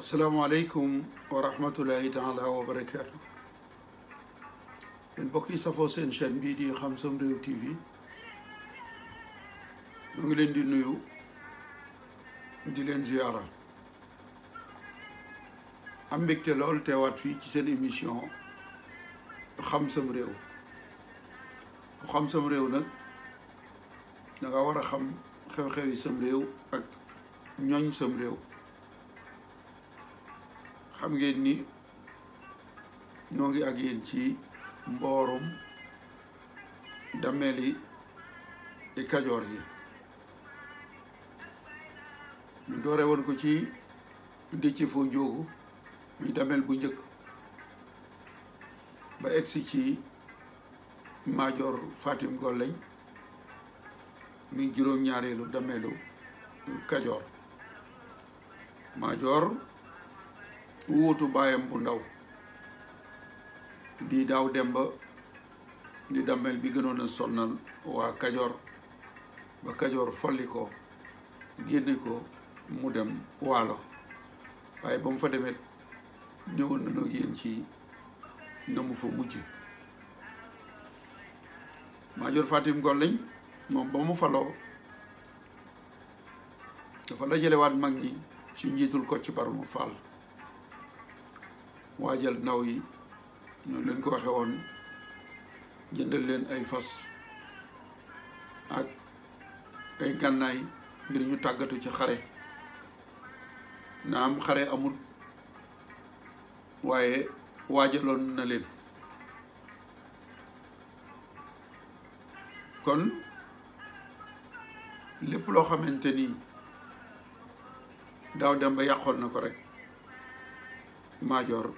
asalaamaaleykum wa rahmatullahi taala wa barakaatu yéen mbokk yi seen chaîne bii di Xam Sam Réew TV ñoo ngi leen di nuyu di leen ziyaara am mbégte lool teewaat fii ci seen émission Xam Sam Réew ku xam sam réew nag da nga war a xam xew-xewi sam réew ak ñooñ sam réew xam ngeen ni ñoo ngi ak yéen ci mboorum dameli i kajoor yi ñu doore woon ko ci ndicci foo njóogu muy damel bu njëkk ba egsi ci major fatim golleñ muy juróom-ñaareelu damelu kajoor major wuutu baayam bu ndaw di daaw dem ba di dammel bi gënoon a sonnal waa kajoor ba kajoor folli ko génne ko mu dem waalo waaye ba mu fa demet ñëwoon nañoo yéen ci na mu fa mujje Maajoor Fatim Golleñ moom ba mu faloo dafa jële waat mag ñi ci njiitul ko Kocc Barma Fall waajal ndaw yi ñun lañ ko waxe woon jëndal leen ay fas ak ay gànnaay ngir ñu tàggatu ci xare am xare amul waaye waajaloon na leen kon lépp loo xamante ni daaw dem ba yàqoon na ko rek maajoor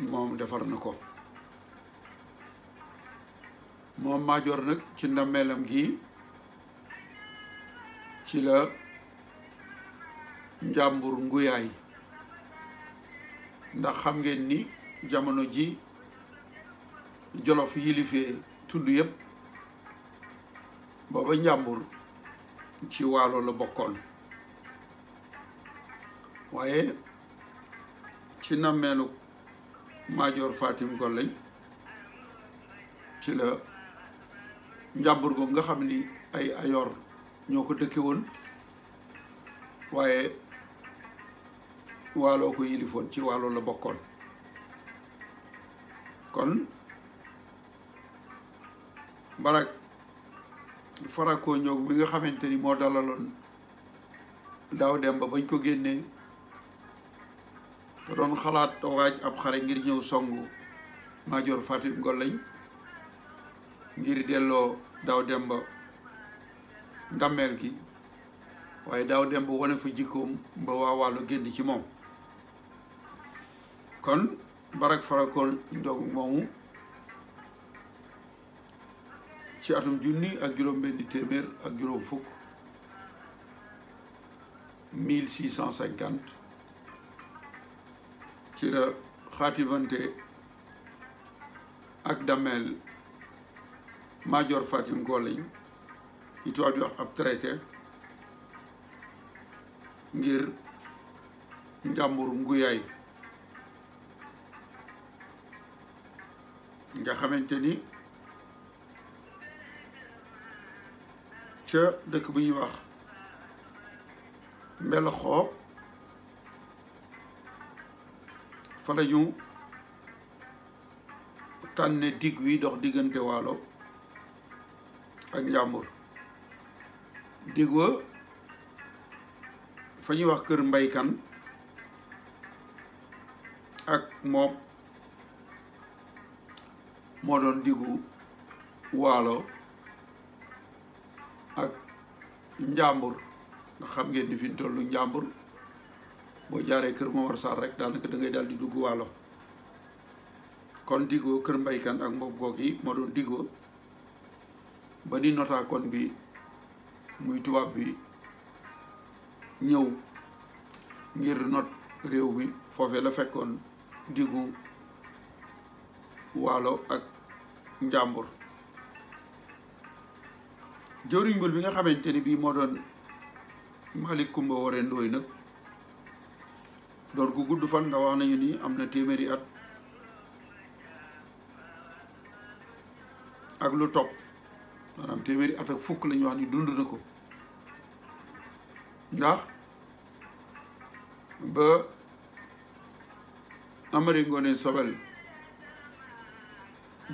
moom defar na ko moom majoor nag ci ndammeelam gi ci la njàmbur nguyaay ndax xam ngeen ni jamono ji jolof yilifee tund yépp booba njàmbur ci waalo la bokkoon waaye ci nammeelu major fatim golleñ ci la njàmburgo nga xam ni ay ayor ñoo ko dëkke woon waaye waaloo ko yilifoon ci wàllu la bokkoon kon barak farakoo ñoog bi nga xamante ni moo dalaloon daaw demba bañ ko génnee te doon xalaat waaj ab xare ngir ñëw songu maajoor Fatim Ngollañ ngir delloo daaw demba ndàmmeel gi waaye daaw demba wane fa jikkoom ba waa wàllu génn ci moom kon barak farakoon ndogu moomu ci atum junni ak juróom benni téeméer ak juróom fukk ci la xaatimante ak dameel Maajoor Fatim Ngolañ yi tubaab di wax ab traité ngir njàmbur nguyaay nga xamante ni ca dëkk bu ñuy wax Mbelxoo fala ñu tanne dig wi dox walo walo ak njàmbur dig wa fa wax kër mbaykan ak mom mo doon digu walo ak njàmbur ndax xam ngeen ni fi tollu boo jaaree kër war sa rek daanaka da ngay dal di dugg walo kon digoo kër kan ak mbob gogi mo moo digo ba ni nota kon bi muy tuwab bi ñew ngir not rew bi fofé la fekkon digu walo ak jori ngul bi nga xamanteni bi mo moo doon Malick Kumba Waré ndoy nak doon ku gudd fan nga wax nañu ni am na téeméeri at ak lu topp maanaam téeméeri at ak fukk la wax ni dund na ko ndax ba Amari Ngoone Sobel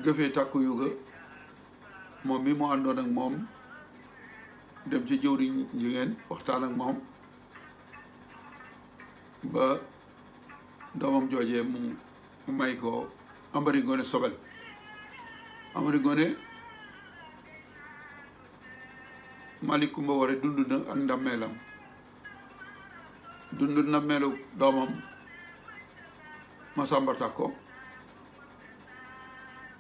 gëfee tàkku yuga moom mi mu àndoon ak moom dem ci jëwriñ jigéen waxtaan ak moom ba doomam joojee mu mu may ko Amari Ngoone Sobel Amari Ngoone Malick Coumba dund na ak ndammeelam dund na melu doomam Masamba Takko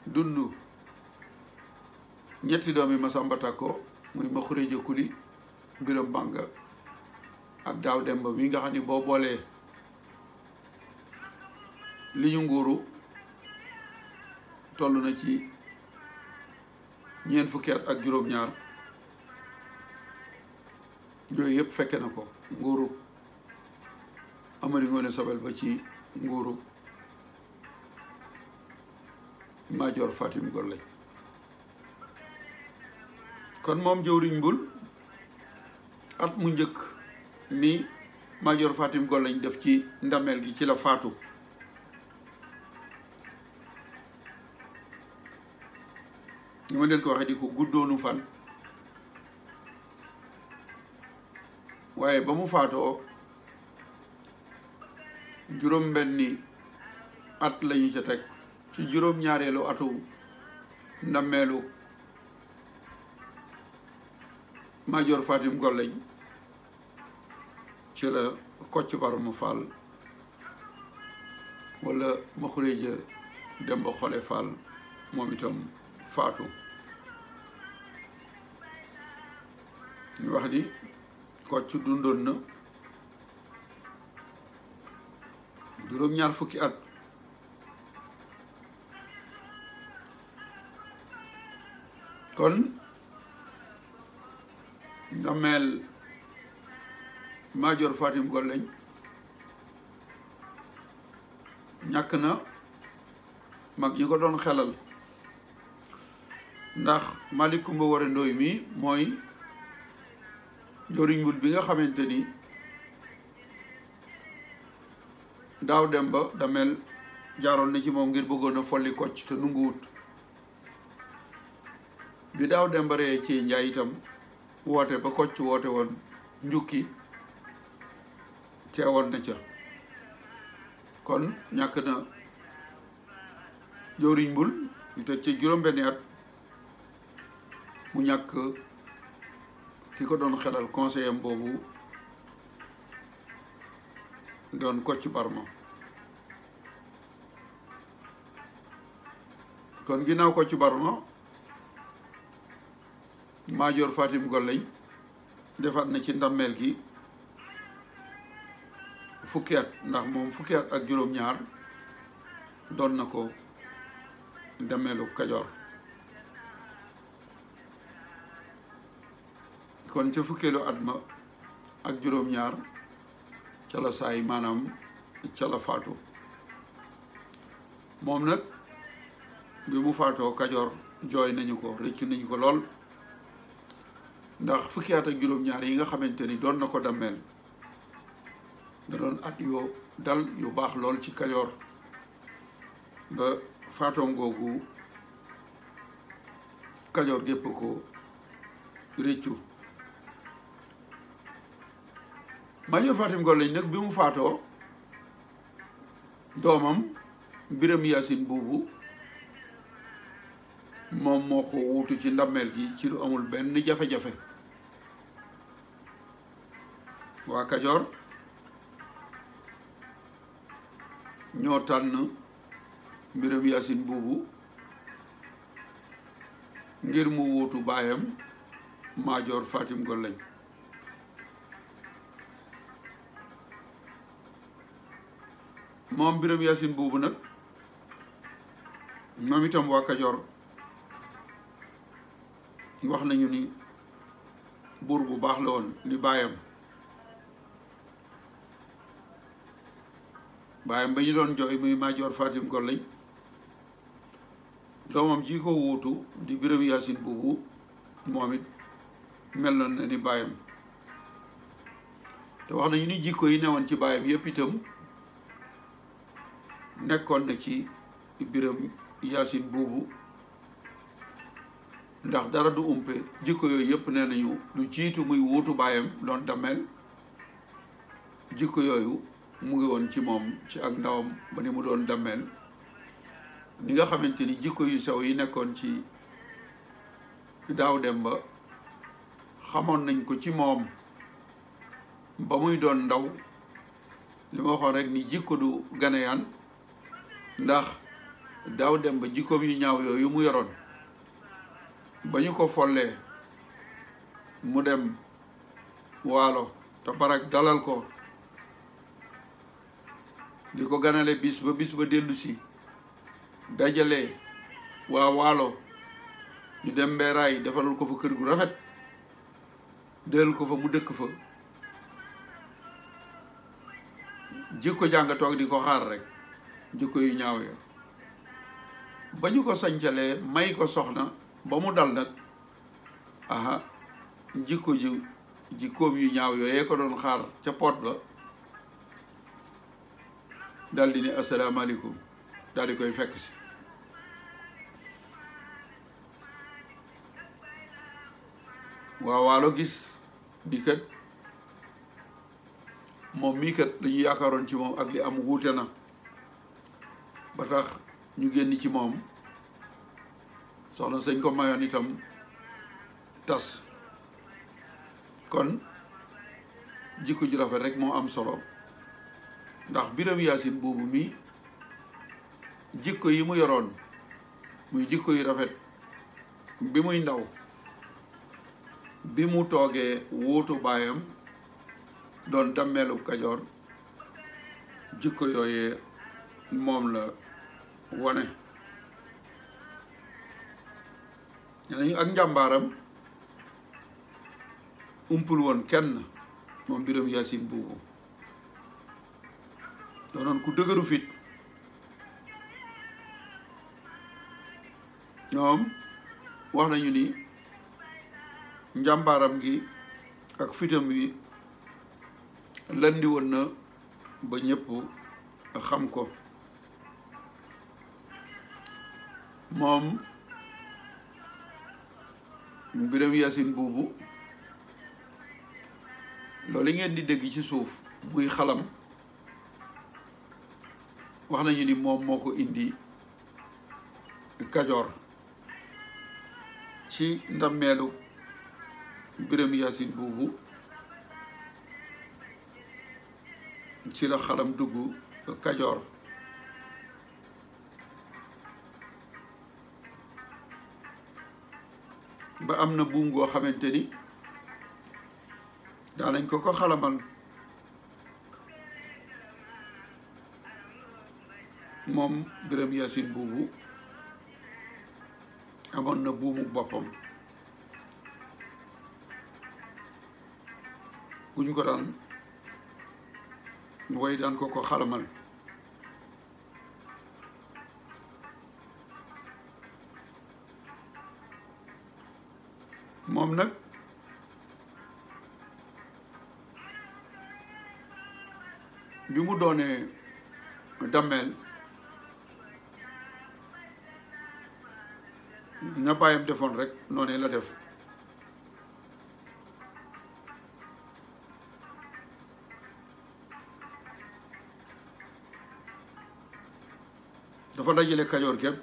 dund ñetti doom doomi Masamba Takko muy Makhouredia Kuli Biram Banga ak Daaw Demba mi nga xam ni boo boolee li ñu nguuru toll na ci ñeent fukki ak juróom-ñaar yooyu yëpp fekke na ko nguuru Amari Ngoone Sobel ba ci nguuru Maajoor Fatim Golle kon moom jëwriñ mbul at mu njëkk ni Maajoor Fatim Golle def ci ndameel gi ci la faatu ni ma leen ko waxee di guddoonu fan waaye ba mu faatoo juróom-benni at lañu ca teg ci juróom-ñaareelu atu ndammeelu Maajoor Fatim Golleñ ci la Kocc Barma Fall wala Maxureja Demba Xole Fall moom itam faatu ñu wax ni Kocc dundoon na juróom-ñaar fukki at kon ndameel Maajoor Fatim Golleñ ñàkk na mag ñu ko doon xelal ndax Malick Coumba Woré Ndoye mi mooy joriñ wul bi nga xamante ni daaw dem ba damel jaaroon na ci moom ngir bëggoon a folli kocc te nunguwut bi daaw dem ba ci njaay itam woote ba kocc woote woon njukki teewoon na ca kon ñàkk na joriñ mbul ñu tëj ci juróom-benni at mu ñàkk ki ko doon xelal conseiller am boobu doon Kocc Barma kon ginnaaw Kocc Barma Madior Fatim Golleñ defaat na ci ndàmmeel gi fukki at ndax moom fukki at ak juróom-ñaar doon na ko ndàmmeelu Kajoor kon ci fukkeelu at adma ak juróom-ñaar ci la say manam ci la faatu mom nak bi mu faatoo kajoor joy nañu ko rëccu nañu ko lol ndax fukki at ak juróom-ñaar yi nga xamanteni doon nako ko da doon at yoo dal yu bax lol ci kajoor ba faatoom ka jor gep ko rëccu Major Fatim College nag bi mu faatoo doomam Biram Yaasin boobu moom moo ko wuutu ci ndàmmeel gi ci lu amul benn jafe-jafe waa Kajoor ñoo tànn Biram Yaasin boobu ngir mu wuutu baayam Major Fatim College moom Biram Yaasin buubu nag moom itam waa Kajoor wax nañu ni buur bu baax la woon ni baayam baayam ba ñu doon jooy muy Maajoor Fatim Gor lañ doomam ji ko wuutu di Biram Yaasin buubu moom it meloon na ni baayam te wax nañu ni jikko yi newoon ci baayam yépp itam nekkoon na ci biram yaasin buubu ndax dara du umpe jikko yooyu yëpp nee nañu lu jiitu muy wuutu baayam doon dameel jikko yooyu mu ngi woon ci moom ci ak ndawam ba ni mu doon dameel ni nga xamante ni jikko yu sew yi nekkoon ci daaw dem ba xamoon nañ ko ci moom ba muy doon ndaw li ma waxoon rek ni jikko du ganeyaan ndax daw dem ba jikkoom yu ñaaw yu mu yoron bañu ko follee mu dem walo ta barak dalal ko diko ganalé ganale bis ba bis ba dellu ci dajale wa walo ñu dem ray defaral ko fa kër gu rafet del ko fa mu dëkk fa jikko jang tok diko xaar rek jikko yu ñaaw ya ba ñu ko sancalee may ko soxna ba mu dal nag aha jikko ji jikkoom yu ñaaw yoo ko doon xaar ca pot ba dal di ne asalaamaaleykum daal koy fekk si waawaalo gis ni kat moom mii kat lu ñu yaakaaroon ci moom ak li am wuute na ba tax ñu génn ci moom soxna sëñ ko mayoon itam tas kon jikko ju rafet rek moo am solo ndax biram yaasin boobu mi jikko yi mu yoroon muy jikko yu rafet bi muy ndaw bi mu toogee wuutu baayam doon dammeelu kajoor jikko yooyee moom la wone nee nañu ak njàmbaaram umpul woon kenn moom Biram Yaasin buubu doonoon ku dëgëru fit ñoom wax nañu ni njàmbaaram gi ak fitam wi landi na ba ñëpp xam ko moom mbiram Yacine buubu loolu ngeen di dégg ci suuf muy xalam wax nañu ni moom moo ko indi Kajoor ci ndammeelu mbiram Yacine buubu ci la xalam dugg Kajoor ba am na buum goo xamante ni daanañ ko ko xalamal moom Biram Yaasin buubu amoon na buumu boppam buñ ko daan way daan ko ko xalamal moom nag bi mu doonee dammeel na bàyyam defoon rek noonu la def dafa dajale kajoor gépp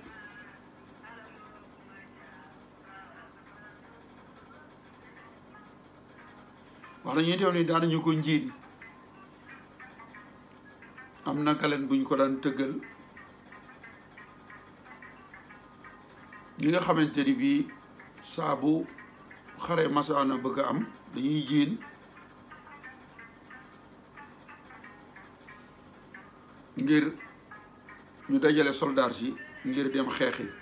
wax nañu itam ni daanañu ko njiin am na galeen buñ ko daan tëggal li nga xamante ni bii saabu xare masaana bëgg a am dañuy jiin ngir ñu dajale soldaar si ngir dem xeexi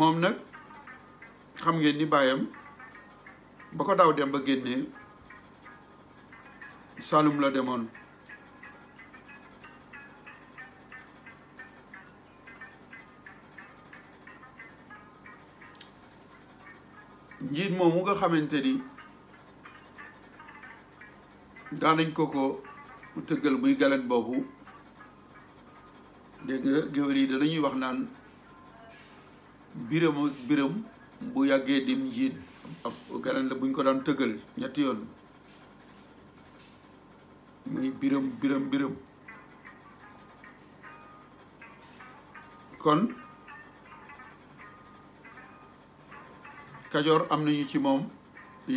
moom nag xam ngeen ni bàyyam ba ko daaw dem ba génnee Saalum la demoon njiit mu nga xamante ni daanañ ko ko tëggal muy galet boobu dégg nga géwél yi danañuy wax naan biram biram bu yàggee dim njiit ab buñ ko daan tëggal ñetti yoon muy biram biram biram kon kajoor am nañu ci moom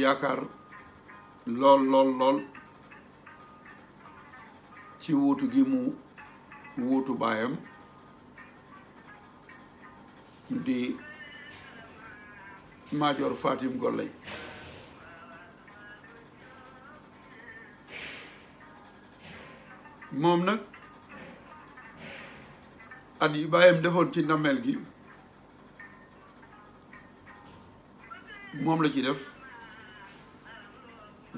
yaakaar lool lool lool ci wuutu gi mu wuutu baayam di maajoor Fatim Golley moom nag at yi bàyyam defoon ci namel gi moom la ci def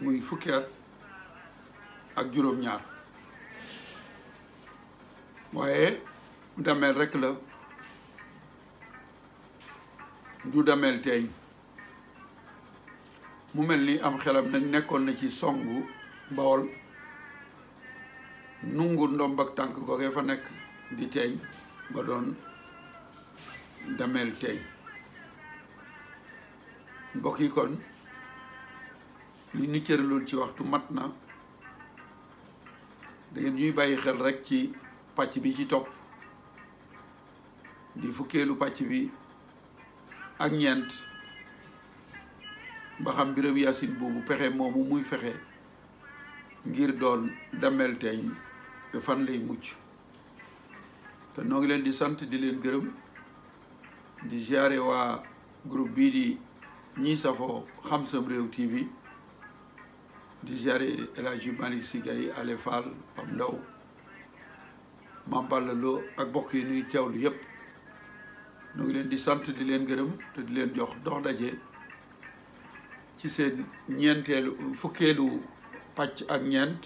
muy fukki ak juróom-ñaar waaye dameel rekk la du damel teeñ mu mel ni am xelam nag nekkoon na ci songu Bawol nungu ndomb ak tànk googee fa nekk di teeñ ba doon damel teeñ mbokk yi kon li ñu cëraloon ci waxtu mat na da ñuy bàyyi xel rekk ci pàcc bi ci topp di fukkeelu pàcc bi ak ñeent ba xam mbiram yaasin boobu pexe moomu muy fexe ngir doon damel teeñ fan lay mucc te noo ngi leen di sant di leen gërëm di ziare waa group bii di ñiy safoo xam sam réew tv di ziare El Hadji Malick Sy Ale Fall Pam Ndaw Mame Balla Lo ak bokk yi nuy teewlu yépp ñu ngi leen di sant di leen gërëm te di leen jox dox daje ci seen ñeenteelu fukkeelu pàcc ak ñeent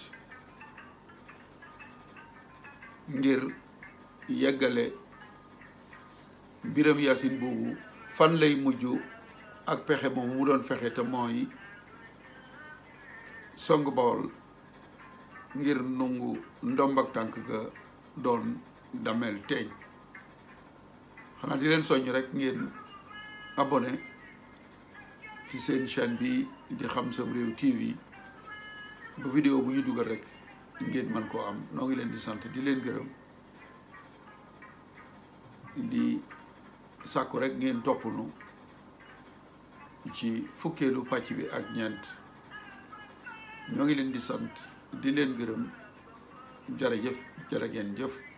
ngir yeggale mbiram Yaasin boobu fan lay mujj ak pexe moom mu doon fexe te mooy song Bawol ngir nungu ndombak tànk ga doon damel teeñ xanaa di leen soññ rek ngeen abonné ci seen chaîne bi di Xam Sam Réew TV ba vidéo bu ñu dugal rek ngeen mën koo am noo ngi leen di sant di leen gërëm di sàkku rek ngeen topp nu ci fukkeelu pàcc bi ak ñeent ñoo ngi leen di sant di leen gërëm jërëjëf jërë ngeen jëf